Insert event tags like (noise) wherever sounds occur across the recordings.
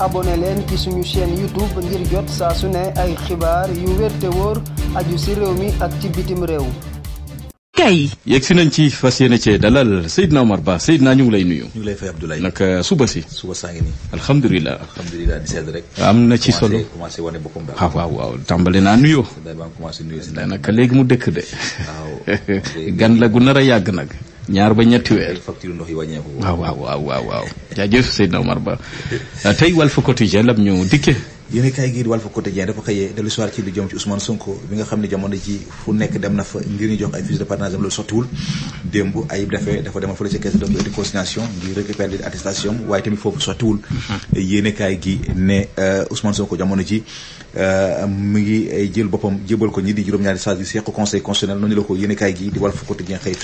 abonné leen ci suñu chaîne YouTube ngir jot saa su ne ay xibaar yu wér te wóor aju ci réew mi ak ci bitim réew. kay. yegg si nañ ci fas yéene cee dalal Seydina Omar Ba Seydina ñu ngi lay nuyu. ñu ngi lay fay Abdoulaye. nag euh, suba si. suba saa ngi nii. alhamdulilah. di sedd rek. am na ci solo commencé commencé boppam daal. Ah, waaw waaw waaw tàmbale naa nuyoo. daanaka léegi mu dëkk de. waaw gan la gu nar a yàgg nag. ñaar ba ñetti weer facture ndox yi wàññeeku waaw waaw waaw waaw waaw jaajëf Seydina Omar Ba (laughs) tey Walf Quotidien lam ñu dikke yéen kaay gii di Walf Quotidien dafa xëyee dellu soir ci lu jëm ci Ousmane Sonko bi nga xam ne jamono ji fu nekk dem na fa ngir ñu jox ay fiches de parrainage am loolu sottiwul démb ayib defee dafa demal fële ca caisse de consignation ngir récupérer les attestations waaye tamit foofu sottiwul mm-hmm. yéen kaay gi euh, euh, mu ngi euh, jël boppam jébal ko ñi di juróom-ñaari saa yu seq conseil constitutionnel noonu la ko yéen kaay gi di Walf Quotidien xëy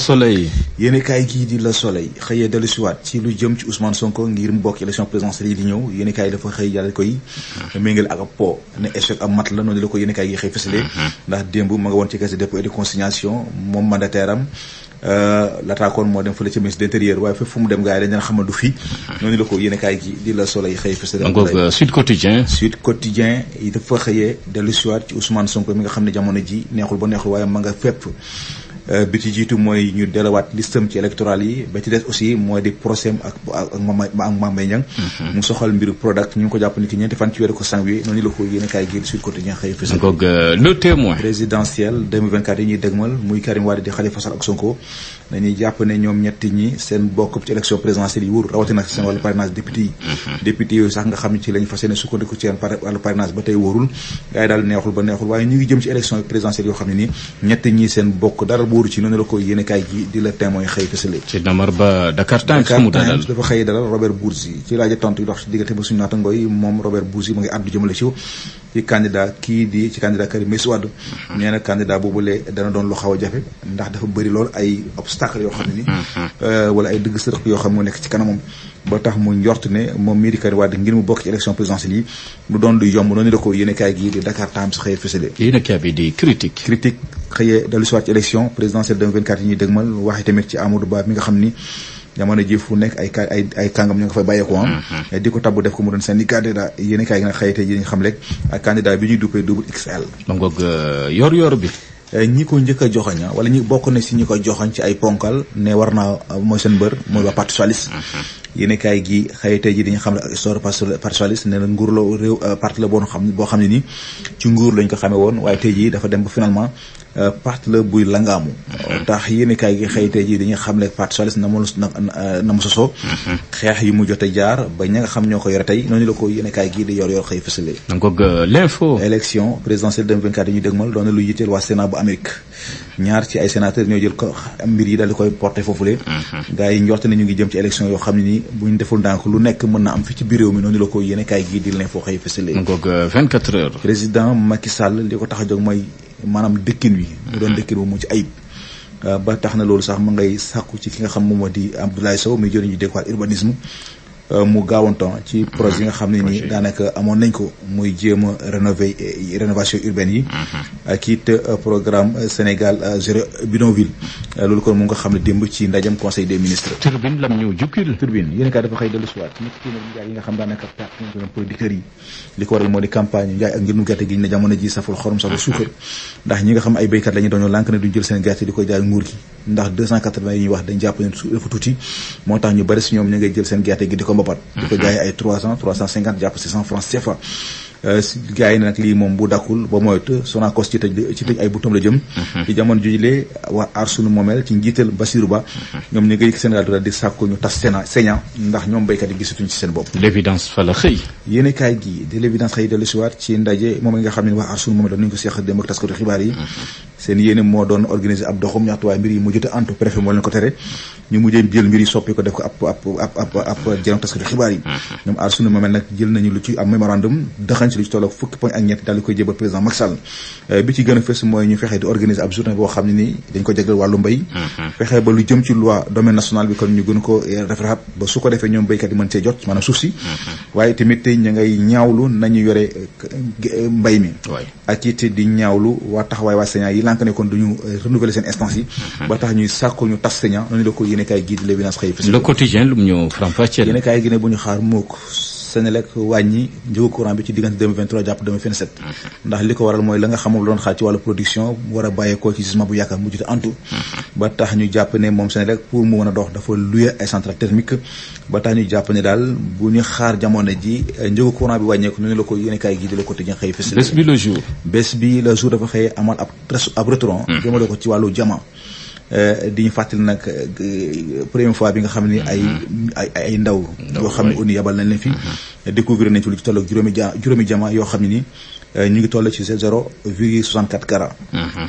Soleil yéenekaay gii di la soleil xëyee dellu siwaat ci lu jëm ci Ousmane Sonko ngir mu bokk élection présidentielle yi di ñëw yéenekaay yi dafa xëy daal koy méngale ak ab po la noonu la ko yéenekaay gi xëy fësale ndax démb ma woon ci caisse de dépôt et de consignation moom euh, moo dem fële ci ministre d'intérieur waaye fépp dem gars yi dañ leen xamal du fi noonu la ko yéenekaay gi di la soleil xëy fësale euh, Sud dafa xëyee dellu siwaat ci Ousmane Sonko mi nga xam ne jamono ji neexul ba neexul waaye ma nga fépp Euh, bi ci jiitu mooy ñu delawaat listam ci électoral yi ba ci des aussi mooy di procès ak ak Mame mhm. mu soxal mbiru Prodac ñu ngi ko jàpp ni ki ñeenti fan ci weeru ko janvier noonu la ko yéen a kaay gi Sud Quotidien xëy fës euh, le ak Sonko dañuy jàpp ne ñoom ñetti mhm. ñi seen bokk dara bu wóoru ci noonu la ko yéene kaay gi di la témoin xëy fësale ci namar ba Dakar Times dafa xëy dalal Robert Bourgi ci laaj tontu ci mhm. a mhm. euh, noonu la ko yéene gi di Dakar Times xëy fësale critique xëyee dellu si waat ci élection présidentielle 2024 yi ñuy dëgmal waxee tamit ci Amadou Ba mi nga xam ni jamono ji fu nekk ay ay ay kàngam ñu nga fay bàyyeekoo am ah. mm-hmm. eh, di ko tabb def ko mu doon seen i candidat yéen i kaay yi nga xëyete yi nga xam rek ak candidat bi ñuy duppee double XL ma ngoog euh, yor yor bi eh, ñi ko njëkk a joxoña ah, wala ñi bokk na si ñi ko joxoñ ci ay ponkal ne war naa ah, mooy seen mbër mooy waa parti socialiste mm-hmm. yéen kaay gi xëy tey ji dañu xam ne histoire partialiste nee na nguur la réew euh, parti la boo xam boo xam ne ni ci nguur lañ ko xamee woon waaye tey ji dafa dem ba finalement euh, parti la buy langaamu tax mm-hmm. yéen kaay gi xëy tey ji dañu xam ne parti socialiste na mu na euh, mu sosoo mm-hmm. xeex yi mu jot jaar ba ña nga xam ñoo ko yore tey noonu la ko yéen kaay gi di yor yor xëy fësale l'info élection présidentielle 2024 yi ñu dégmal doon na lu yitteel waa Sénat bu Amérique ñaar ci ay sénateur ñoo jël ko mbir yi daal di koy porté foofule mhm. gars yi njorte ne ngi jëm ci élection yoo xam ne ni buñ deful ndànk lu nekk mën na am fi ci biir réew mi noonu la ko yéene kaay gii di leen foo xëy fësale ngoog 24 euh, heures président Macky Sall li ko tax a jóg mooy maanaam dëkkin wi mu mhm. doon dëkkin bu mu ci ayib euh, ba tax na loolu sax ma ngay sàkku ci ki nga xam moom moo di Abdoulaye Sow muy jëriñu dékkuwaat urbanisme Euh, mu gaawantoon ci mhm. projet yi nga xam ne nii daanaka amoon nañ ko muy jéem a rénover euh, rénovation urbaine yi ak mhm. euh, it programme Sénégal zéro bidonville mhm. loolu kon mu nga xam ne démb ci ndajam conseil des ministres turbine lam ñu dafa xëy dellu siwaat yi nga xam daanaka partenaire producteurs li ko waral moo di campagne njaay ah, ah. nga xam ay béykat la ñu doon ne duñ jël seen gerte di koy jaay nguur gi ndax 280 yi ñuy wax dañ jàpp dafa tuuti moo tax ñu bari si ñoom ñu ngay jël seen gerte gi di ko mbapat di ko ah, jaay ay 300 350 jàpp 600 francs CFA Euh, gars yi nag lii moom bu dakkul ba moytu Sonacos ci tëj ci tëj ay butam la jëm mhm. ci jamono jujilee waa aar sunu moomeel ci njiital Bassirou Ba mhm. ñoom ñi ngi Sénégal doda di sàkku ñu tas sena senan ndax ñoom béykat yi gisatuñ ci seen bopp l'évidence fa la xëy yéen kaay gi di l'évidence xëy dellu siwaat ci ndaje moom nga xam ne waa aar sunu moomeel doon nañu ko seex dem ak taskatu xibaar yi mhm. seen yéene moo doon organiser ab doxum ñaxtu waaye mbir yi mu jot a antu moo leen ko tere ñu mujjee jël mbir yi soppi ko def ko ab ab ab ab jëriñ mm-hmm. eh, ni dañ ko jagleel wàllu mbéy mm-hmm. fexe ba lu jëm ci loi domaine national bi kon ñu gën ko eh, referaat ba su ko defee ñoom béykat yi mën cee jot maanaam suuf si mm-hmm. waaye tamit ñu ngay ñaawlu nañu yore eh, mbay mi ak it di ñaawlu waa taxawaay waa nànk ne kon duñu euh, renouveler seen instance ba tax ñuy sàkku ñu tas seña noonu la ko yéene kaay gii di l'évidence xëy fës le quotidien lu mu ñëw faram fàcceel yéene kaay bu ñu xaar mook seen lekk wàññi njëgu courant bi ci diggante 2023 jàpp 2027 ndax li ko waral mooy la nga xamul doon xaar ci wàllu production war a bàyyeekoo ci gisement bu yaakaar mu jute antu ba tax ñu jàpp ne moom Senelec pour mu mën a dox dafa luye ay centrale thermique ba tax ñu jàpp ne daal bu ñu xaar jamono ji njëgu courant bi wàññeeku ñu ne la ko yéen kaay gi di la ko tëjee xëy fës bés bi le jour dafa xëy amal ab ab retron ko ci wàllu jama Euh, di ñu fàttali nag euh, première fois bi nga xam ne mm-hmm. ay ay ay ndaw yoo xam ne ONU yabal nañ leen fi mm-hmm. découvrir nañ ci lu ci tolloog juróomi ja juróomi jama yoo xam ne ni euh, ñu ngi toll ci zéro virgule 64 carats mm-hmm.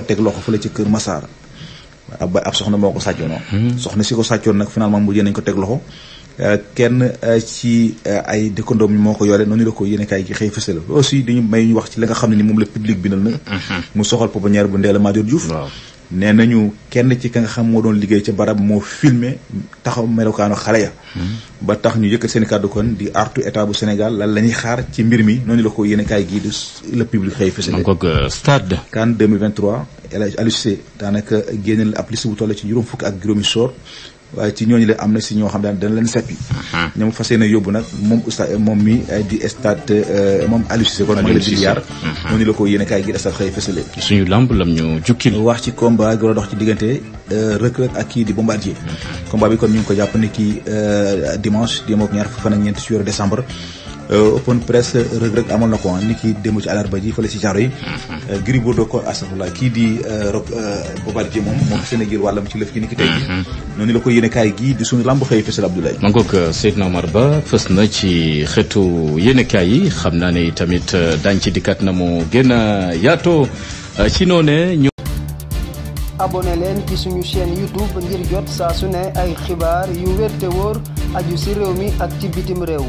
ko teg loxo fële ci kër Massar ab ab soxna moo ko sàccoonoo hmm. soxna si ko sàccoon nag finalement mujj nañ ko teg loxo euh, kenn euh, ci euh, ay dëkkandoom yi moo ko yore noonu la ko yéene kaay gi xëy fësal aussi dañu may ñu wax ci li nga xam ni moom la public bindal na hmm. mu soxal pouponnière bu Ndella Madior Diouf nee nañu kenn ci ka nga xam moo doon liggéey ca barab moo filmé taxaw melokaanu xale ya hmm. ba tax ñu yëkkat seen kàddu kon di artu état bu Sénégal lan la ñuy xaar ci mbir mi noonu la ko yéen kaay gii di le public xëy fësale euh, stade CAN 2023 El Hadj Aliou daanaka génne la ab liste bu toll ci juróom fukki ak juróomi soor waaye ci ñooñu la am na si ñoo xam daan leen seppi uh-huh. ñoom fas yéene yóbbu nag moom oustaz moom mi eh, di stade eh, moom Aliou Cissé kon mooy le milliard uh-huh. noonu la ko yéene kaay gi stade xëy fësale suñu lamb lam ñu jukkil wax ci combat gi dox ci diggante eh, Reug Reug ak kii di Bombardier uh-huh. combat bi kon ñu ngi ko jàpp ni kii dimanche démook ñaar fan ak ñeent si weeru décembre Euh, open press Reug Reug amal na ko ni ki démb ci àllarba ji fële si genre yi. Gris Bordeaux ko astafurlah kii di euh, Rob euh, Bombardier moom. moom seen ngir wàllam ci lëf gi ni ki tey jii. Mm-hmm. noonu la ko yéene kaay gii di su lamb xëy fësal Abdoulaye. ma ngoog Seydina Omar Ba fës na ci xeetu yéene yi xam naa ne tamit daañu ci dikkat na mu gën a yaatoo ci noonee ñu. leen ci suñu chaîne YouTube ngir jot saa su ne ay xibaar yu wér te aju si réew mi ak ci bitim réew.